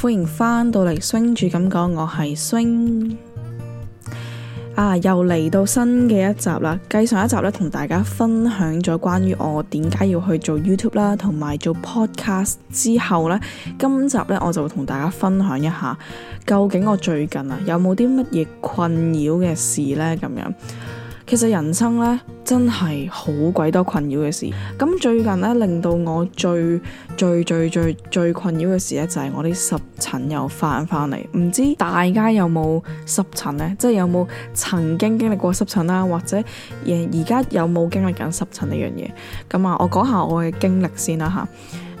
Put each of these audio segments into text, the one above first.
歡迎翻到嚟星住咁講，我係星。啊，又嚟到新嘅一集啦。繼上一集呢，同大家分享咗關於我點解要去做 YouTube 啦，同埋做 podcast 之後呢。今集呢，我就會同大家分享一下，究竟我最近啊有冇啲乜嘢困擾嘅事呢？咁樣。其實人生咧真係好鬼多困擾嘅事，咁、嗯、最近咧令到我最最最最最困擾嘅事咧就係、是、我啲濕疹又翻翻嚟，唔知大家有冇濕疹呢？即係有冇曾經經歷過濕疹啦，或者而而家有冇經歷緊濕疹呢樣嘢？咁、嗯、啊，我講下我嘅經歷先啦吓。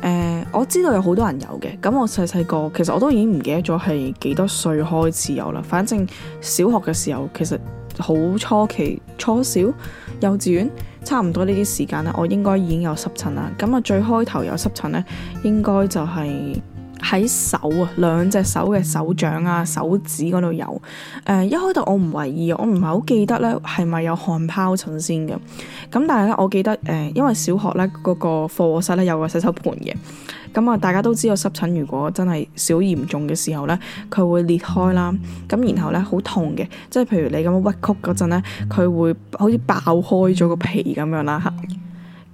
誒、呃，我知道有好多人有嘅，咁我細細個其實我都已經唔記得咗係幾多歲開始有啦，反正小學嘅時候其實。好初期初小幼稚園差唔多呢啲時間啦，我應該已經有濕疹啦。咁啊，最開頭有濕疹咧，應該就係喺手啊，兩隻手嘅手掌啊、手指嗰度有。誒、呃，一開頭我唔懷疑，我唔係好記得咧係咪有汗皰疹先嘅。咁但係咧，我記得誒、呃，因為小學咧嗰、嗰個課室咧有個洗手盆嘅。咁啊，大家都知道濕疹，如果真係少嚴重嘅時候咧，佢會裂開啦。咁然後咧，好痛嘅，即係譬如你咁樣屈曲嗰陣咧，佢會好似爆開咗個皮咁樣啦。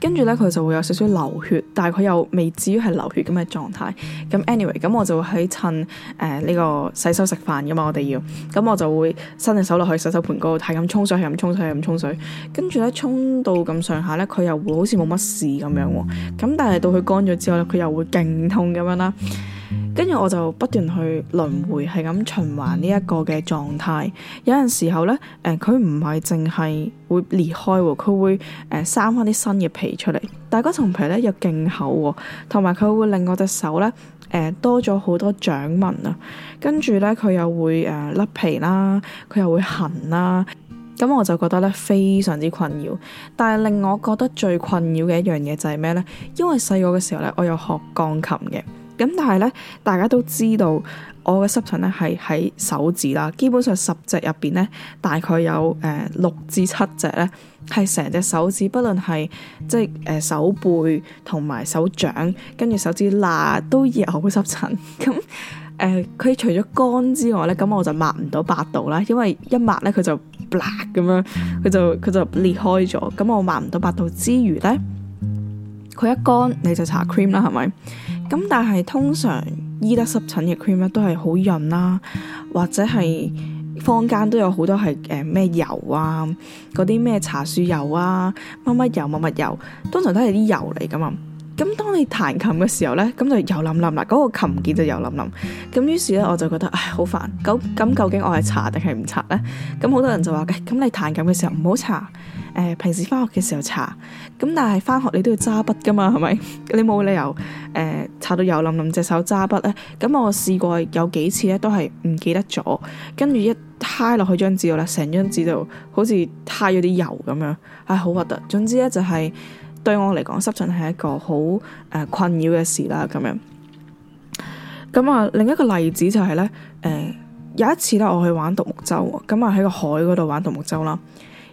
跟住咧，佢就會有少少流血，但係佢又未至於係流血咁嘅狀態。咁 anyway，咁我就喺趁誒呢、呃這個洗手食飯嘅嘛，我哋要，咁我就會伸隻手落去洗手盤嗰度，係咁沖水，係咁沖水，係咁沖水。跟住咧，沖到咁上下咧，佢又會好似冇乜事咁樣喎。咁但係到佢乾咗之後咧，佢又會勁痛咁樣啦。跟住我就不斷去輪迴，係咁循環呢一個嘅狀態。有陣時候呢，誒佢唔係淨係會裂開喎，佢會誒生翻啲新嘅皮出嚟，但係嗰層皮咧又勁厚喎，同埋佢會令我隻手呢誒、呃、多咗好多掌紋啊。跟住呢，佢又會誒甩皮啦，佢又會痕啦。咁我就覺得呢非常之困擾。但係令我覺得最困擾嘅一樣嘢就係咩呢？因為細個嘅時候呢，我有學鋼琴嘅。咁、嗯、但係咧，大家都知道我嘅濕疹咧係喺手指啦。基本上十隻入邊咧，大概有誒、呃、六至七隻咧係成隻手指，不論係即係誒、呃、手背同埋手掌，跟住手指罅都有濕疹。咁誒佢除咗乾之外咧，咁、嗯、我就抹唔到八度啦，因為一抹咧佢就 b l 咁樣，佢就佢就裂開咗。咁、嗯、我抹唔到八度之餘咧。佢一乾你就搽 cream 啦，係咪？咁但係通常醫得濕疹嘅 cream 咧都係好潤啦、啊，或者係坊間都有好多係誒咩油啊，嗰啲咩茶樹油啊、乜乜油、乜乜油、乜乜油，通常都係啲油嚟㗎嘛。咁當你彈琴嘅時候咧，咁就油淋淋啦，嗰、那個琴鍵就油淋淋。咁於是咧，我就覺得唉好煩。咁咁究竟我係搽定係唔搽咧？咁好多人就話嘅，咁、哎、你彈琴嘅時候唔好搽。誒、呃、平時翻學嘅時候搽。咁但係翻學你都要揸筆噶嘛，係咪？你冇理由誒、呃、搽到油淋淋隻手揸筆咧。咁我試過有幾次咧，都係唔記得咗。跟住一揩落去張紙度啦，成張紙度好似揩咗啲油咁樣。唉，好核突。總之咧、就是，就係。對我嚟講，濕疹係一個好誒、呃、困擾嘅事啦。咁樣咁啊，另一個例子就係、是、咧，誒、呃、有一次咧，我去玩獨木舟，咁啊喺個海嗰度玩獨木舟啦。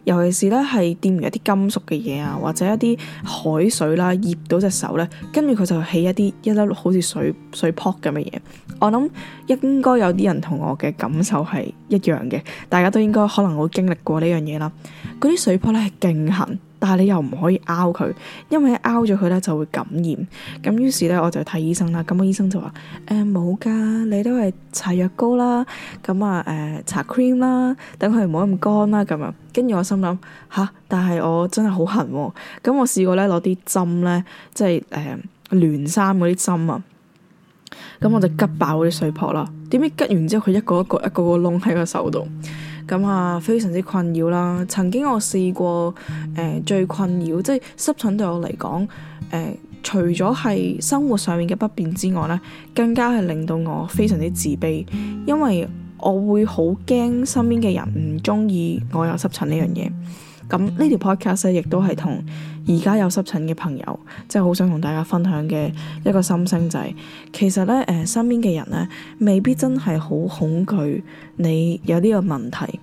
尤其是咧，係掂完一啲金屬嘅嘢啊，或者一啲海水啦，醃到隻手咧，跟住佢就起一啲一粒好似水水泡咁嘅嘢。我諗應該有啲人同我嘅感受係一樣嘅，大家都應該可能會經歷過呢樣嘢啦。嗰啲水泡咧係勁痕。但係你又唔可以拗佢，因為拗咗佢咧就會感染。咁於是咧我就去睇醫生啦。咁個醫生就話：誒冇噶，你都係搽藥膏啦，咁啊誒搽 cream 啦，等佢唔好咁乾啦。咁啊，跟住我心諗吓，但係我真係好痕。咁我試過咧攞啲針咧，即係誒聯衫嗰啲針啊。咁我就拮爆嗰啲水疱啦。點知拮完之後，佢一個一個，一個個窿喺個手度。咁啊，非常之困擾啦！曾經我試過，誒、呃、最困擾即係濕疹對我嚟講，誒、呃、除咗係生活上面嘅不便之外咧，更加係令到我非常之自卑，因為我會好驚身邊嘅人唔中意我有濕疹呢樣嘢。咁呢條 Podcast 亦都係同而家有濕疹嘅朋友，即係好想同大家分享嘅一個心聲就係，其實咧誒、呃、身邊嘅人咧，未必真係好恐懼你有呢個問題。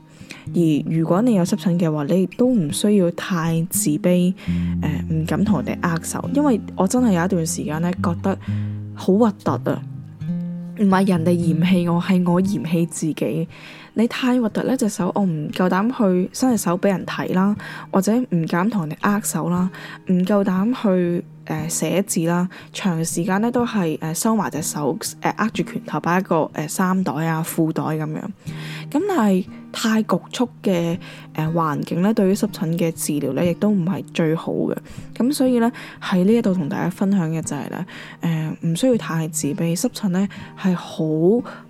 而如果你有濕疹嘅話，你亦都唔需要太自卑誒，唔、呃、敢同人哋握手，因為我真係有一段時間咧，覺得好核突啊！唔係人哋嫌棄我，係我嫌棄自己。你太核突呢隻手，我唔夠膽去伸隻手畀人睇啦，或者唔敢同人哋握手啦，唔夠膽去誒、呃、寫字啦。長時間呢都係誒、呃、收埋隻手，誒、呃、握住拳頭，擺一個誒衫袋啊、褲袋啊、咁樣。咁但係。太局促嘅誒、呃、環境咧，對於濕疹嘅治療咧，亦都唔係最好嘅。咁所以咧，喺呢一度同大家分享嘅就係、是、咧，誒、呃、唔需要太自卑。濕疹咧係好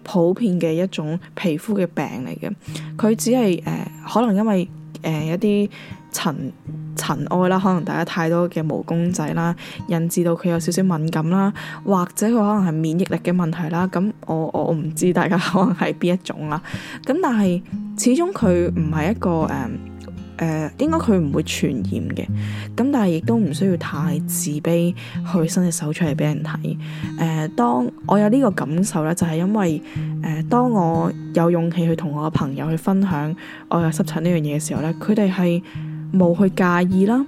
普遍嘅一種皮膚嘅病嚟嘅。佢只係誒、呃、可能因為誒、呃、一啲塵塵埃啦，可能大家太多嘅毛公仔啦，引致到佢有少少敏感啦，或者佢可能係免疫力嘅問題啦。咁我我唔知大家可能係邊一種啦。咁但係。始終佢唔係一個誒誒、呃，應該佢唔會傳染嘅。咁但係亦都唔需要太自卑，去伸隻手出嚟俾人睇。誒、呃，當我有呢個感受咧，就係因為誒、呃，當我有勇氣去同我嘅朋友去分享我有濕疹呢樣嘢嘅時候咧，佢哋係冇去介意啦，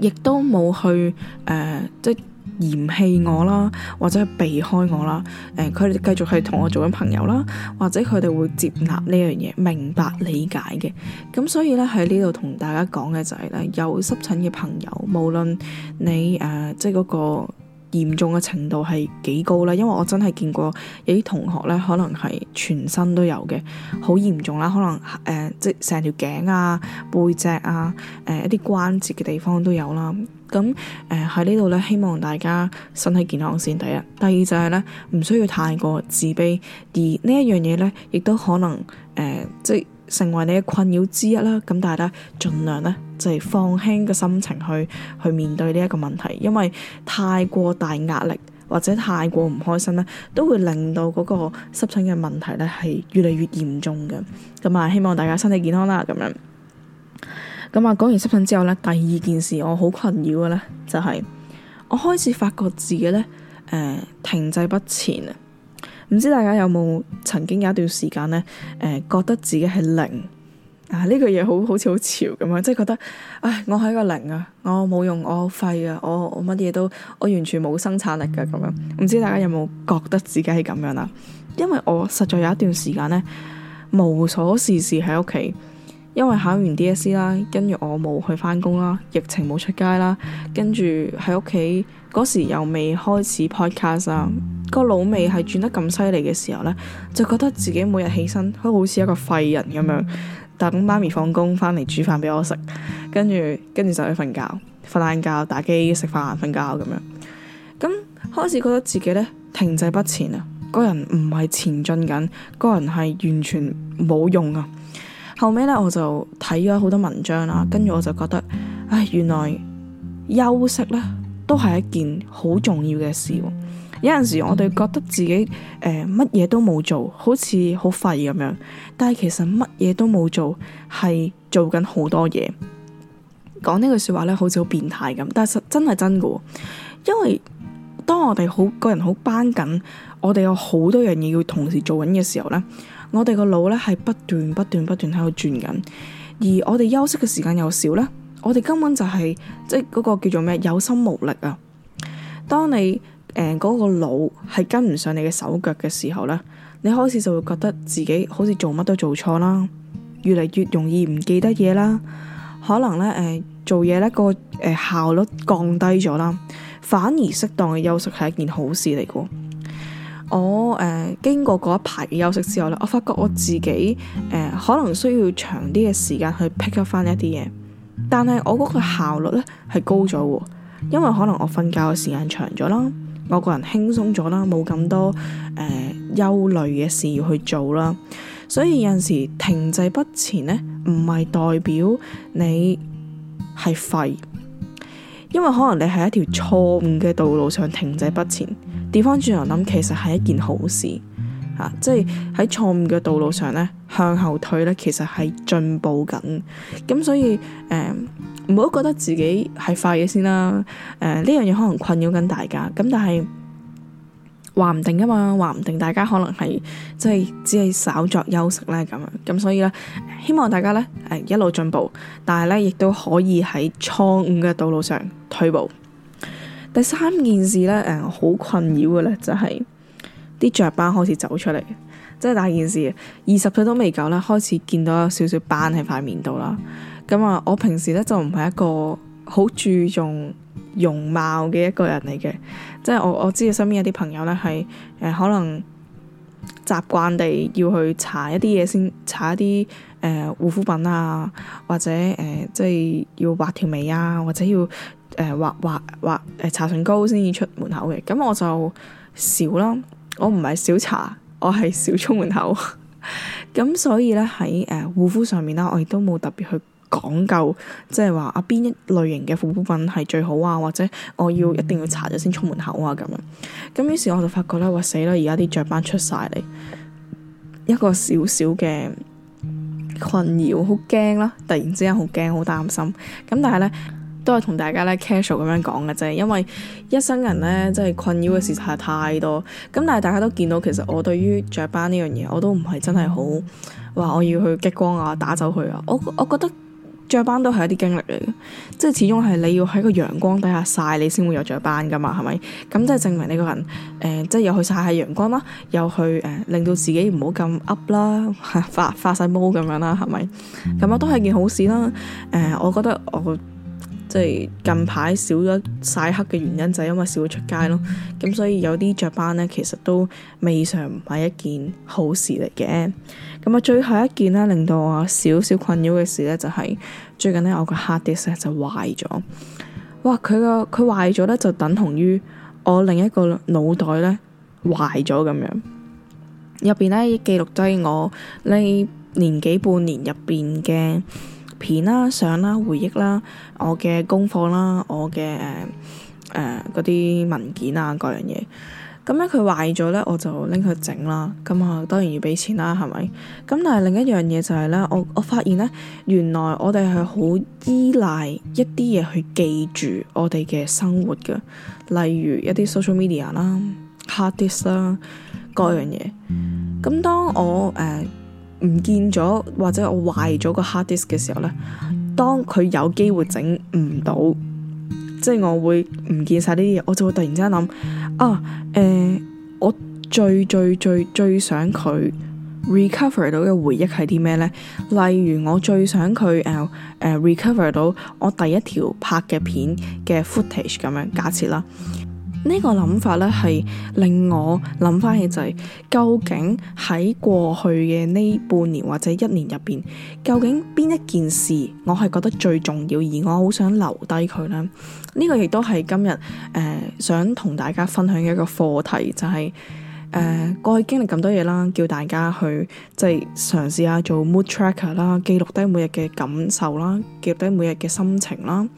亦都冇去誒、呃，即嫌棄我啦，或者係避開我啦，誒佢哋繼續係同我做緊朋友啦，或者佢哋會接納呢樣嘢，明白理解嘅。咁所以咧，喺呢度同大家講嘅就係、是、咧，有濕疹嘅朋友，無論你誒、呃、即係嗰、那個。嚴重嘅程度係幾高啦，因為我真係見過有啲同學咧，可能係全身都有嘅，好嚴重啦。可能誒、呃，即係成條頸啊、背脊啊、誒、呃、一啲關節嘅地方都有啦。咁誒喺呢度咧，希望大家身體健康先。第一，第二就係咧，唔需要太過自卑。而一呢一樣嘢咧，亦都可能誒、呃，即係。成為你嘅困擾之一啦，咁大家咧，盡量呢，就係放輕個心情去去面對呢一個問題，因為太過大壓力或者太過唔開心呢，都會令到嗰個濕疹嘅問題呢係越嚟越嚴重嘅。咁啊，希望大家身體健康啦，咁樣。咁啊，講完濕疹之後呢，第二件事我好困擾嘅呢，就係我開始發覺自己呢，呃，停滯不前唔知大家有冇曾經有一段時間呢，誒、呃、覺得自己係零啊，呢句嘢好好似好潮咁樣，即係覺得，唉，我係一個零啊，我冇用，我廢啊，我我乜嘢都，我完全冇生產力嘅咁樣。唔知大家有冇覺得自己係咁樣啦？因為我實在有一段時間呢，無所事事喺屋企。因為考完 DSE 啦，跟住我冇去返工啦，疫情冇出街啦，跟住喺屋企嗰時又未開始 podcast 啦，個腦未係轉得咁犀利嘅時候呢，就覺得自己每日起身都好似一個廢人咁樣，等媽咪放工返嚟煮飯畀我食，跟住跟住就去瞓覺、瞓晏覺、打機、食飯、瞓覺咁樣。咁開始覺得自己呢，停滯不前啊，個人唔係前進緊，個人係完全冇用啊。後尾咧，我就睇咗好多文章啦，跟住我就覺得，唉，原來休息咧都係一件好重要嘅事。有陣時我哋覺得自己誒乜嘢都冇做，好似好廢咁樣。但係其實乜嘢都冇做，係做緊好多嘢。講呢句說話咧，好似好變態咁，但係真係真㗎。因為當我哋好個人好繃緊，我哋有好多樣嘢要同時做緊嘅時候咧。我哋個腦咧係不斷不斷不斷喺度轉緊，而我哋休息嘅時間又少咧，我哋根本就係、是、即係嗰個叫做咩有心無力啊！當你誒嗰、呃嗰個腦係跟唔上你嘅手腳嘅時候咧，你開始就會覺得自己好似做乜都做錯啦，越嚟越容易唔記得嘢啦，可能咧誒、呃、做嘢咧、個誒、呃、效率降低咗啦，反而適當嘅休息係一件好事嚟噶。我誒、呃、經過嗰一排休息之後咧，我發覺我自己誒、呃、可能需要長啲嘅時間去 pick up 翻一啲嘢，但係我嗰個效率咧係高咗喎，因為可能我瞓覺嘅時間長咗啦，我個人輕鬆咗啦，冇咁多誒、呃、憂慮嘅事要去做啦，所以有陣時停滯不前咧，唔係代表你係廢，因為可能你係一條錯誤嘅道路上停滯不前。調翻轉頭諗，其實係一件好事，吓、啊，即係喺錯誤嘅道路上咧，向後退咧，其實係進步緊。咁所以，誒、呃，唔好覺得自己係快嘅先啦。誒、呃，呢樣嘢可能困擾緊大家。咁但係，話唔定㗎嘛，話唔定大家可能係即係只係稍作休息咧，咁樣。咁所以咧，希望大家咧誒、呃、一路進步，但係咧亦都可以喺錯誤嘅道路上退步。第三件事咧，誒、嗯、好困擾嘅咧，就係、是、啲雀斑開始走出嚟，即係大件事。二十歲都未夠咧，開始見到有少少斑喺塊面度啦。咁、嗯、啊，我平時咧就唔係一個好注重容貌嘅一個人嚟嘅，即、就、係、是、我我知我身邊有啲朋友咧係誒可能習慣地要去搽一啲嘢先，搽一啲誒、呃、護膚品啊，或者誒、呃、即係要畫條眉啊，或者要。誒，畫畫畫誒，搽唇膏先至出門口嘅，咁我就少啦。我唔係少搽，我係少出門口。咁所以咧喺誒護膚上面啦，我亦都冇特別去講究，即係話啊邊一類型嘅護膚品係最好啊，或者我要一定要搽咗先出門口啊咁。咁於是我就發覺咧，哇死啦！而家啲雀斑出晒嚟，一個小小嘅困擾，好驚啦！突然之間好驚，好擔心。咁但係咧。都係同大家咧 casual 咁樣講嘅啫，因為一生人咧真係困擾嘅事係太多，咁但係大家都見到其實我對於雀斑呢樣嘢，我都唔係真係好話我要去激光啊打走佢啊，我我覺得雀斑都係一啲經歷嚟嘅，即係始終係你要喺個陽光底下晒你先會有雀斑㗎嘛，係咪？咁即係證明你個人誒、呃，即係又去晒下陽光啦、啊，又去誒、呃、令到自己唔好咁 up 啦、啊，發發晒毛咁樣啦，係咪？咁我都係件好事啦、啊，誒、呃，我覺得我。即係近排少咗曬黑嘅原因就係因為少咗出街咯，咁所以有啲雀斑呢，其實都未嘗唔係一件好事嚟嘅。咁啊，最後一件呢，令到我少少困擾嘅事呢，就係、是、最近呢，我個 hard disk 就壞咗。哇！佢個佢壞咗呢，就等同於我另一個腦袋呢壞咗咁樣。入邊呢，記錄低我呢年幾半年入邊嘅。片啦、啊、相啦、啊、回憶啦、啊、我嘅功課啦、啊、我嘅誒嗰啲文件啊、各樣嘢，咁咧佢壞咗咧，我就拎佢整啦。咁、嗯、啊，當然要俾錢啦、啊，係咪？咁、嗯、但係另一樣嘢就係咧，我我發現咧，原來我哋係好依賴一啲嘢去記住我哋嘅生活嘅，例如一啲 social media 啦、hard disk 啦、啊、各樣嘢。咁、嗯嗯、當我誒，呃唔見咗或者我壞咗個 hard disk 嘅時候呢，當佢有機會整唔到，即係我會唔見晒呢啲嘢，我就會突然之間諗啊誒、呃，我最最最最最想佢 recover 到嘅回憶係啲咩呢？例如我最想佢誒誒 recover 到我第一條拍嘅片嘅 footage 咁樣假設啦。呢個諗法咧係令我諗翻起，就係、是，究竟喺過去嘅呢半年或者一年入邊，究竟邊一件事我係覺得最重要，而我好想留低佢呢？呢、這個亦都係今日誒、呃、想同大家分享嘅一個課題，就係、是。誒，uh, 過去經歷咁多嘢啦，叫大家去，即係嘗試下做 mood tracker 啦，記錄低每日嘅感受啦，記錄低每日嘅心情啦。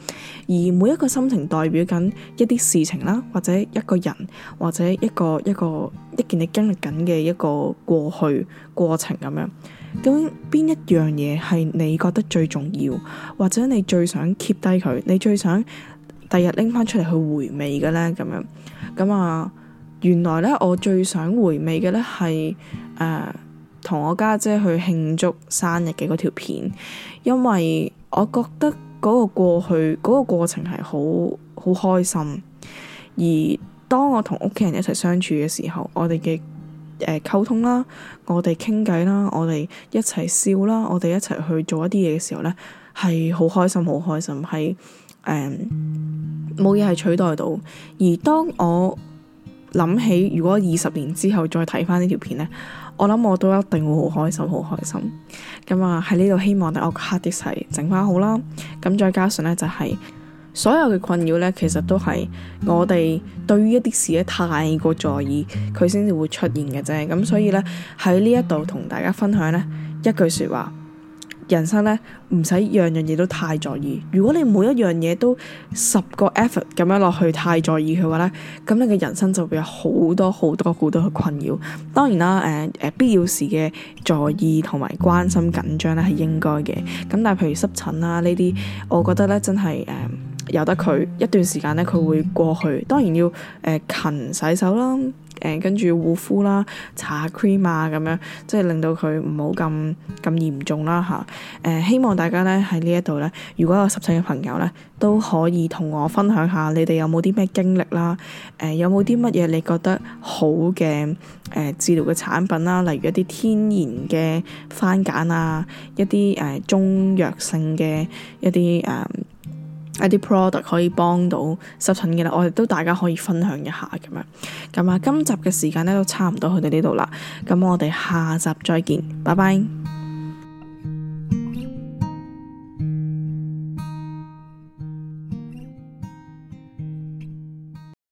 而每一個心情代表緊一啲事情啦，或者一個人，或者一個一個一件你經歷緊嘅一個過去過程咁樣。究竟邊一樣嘢係你覺得最重要，或者你最想 keep 低佢，你最想第日拎翻出嚟去回味嘅咧咁樣，咁啊。原來咧，我最想回味嘅咧係誒同我家姐去慶祝生日嘅嗰條片，因為我覺得嗰個過去嗰個過程係好好開心。而當我同屋企人一齊相處嘅時候，我哋嘅誒溝通啦，我哋傾偈啦，我哋一齊笑啦，我哋一齊去做一啲嘢嘅時候咧，係好開心，好開心，係誒冇嘢係取代到。而當我諗起如果二十年之後再睇翻呢條片呢，我諗我都一定會好開心，好開心。咁啊喺呢度希望大家黑啲細整翻好啦。咁再加上呢，就係所有嘅困擾呢，其實都係我哋對於一啲事呢太過在意，佢先至會出現嘅啫。咁所以呢，喺呢一度同大家分享呢一句説話。人生咧，唔使樣樣嘢都太在意，如果你每一樣嘢都十個 effort 咁樣落去太在意嘅話咧，咁你嘅人生就會有好多好多好多嘅困擾。當然啦，誒、呃、誒、呃、必要時嘅在意同埋關心緊張咧係應該嘅，咁但係譬如濕疹啦呢啲，我覺得咧真係誒。呃由得佢一段時間咧，佢會過去。當然要誒、呃、勤洗手啦，誒跟住護膚啦，搽下 cream 啊咁樣，即係令到佢唔好咁咁嚴重啦吓，誒、啊呃、希望大家咧喺呢一度咧，如果有濕疹嘅朋友咧，都可以同我分享下你哋有冇啲咩經歷啦，誒、呃、有冇啲乜嘢你覺得好嘅誒、呃、治療嘅產品啦，例如一啲天然嘅番梘啊，一啲誒、呃、中藥性嘅一啲誒。呃一啲 product 可以幫到濕疹嘅啦，我哋都大家可以分享一下咁樣。咁啊，今集嘅時間咧都差唔多，去到呢度啦。咁我哋下集再見，拜拜。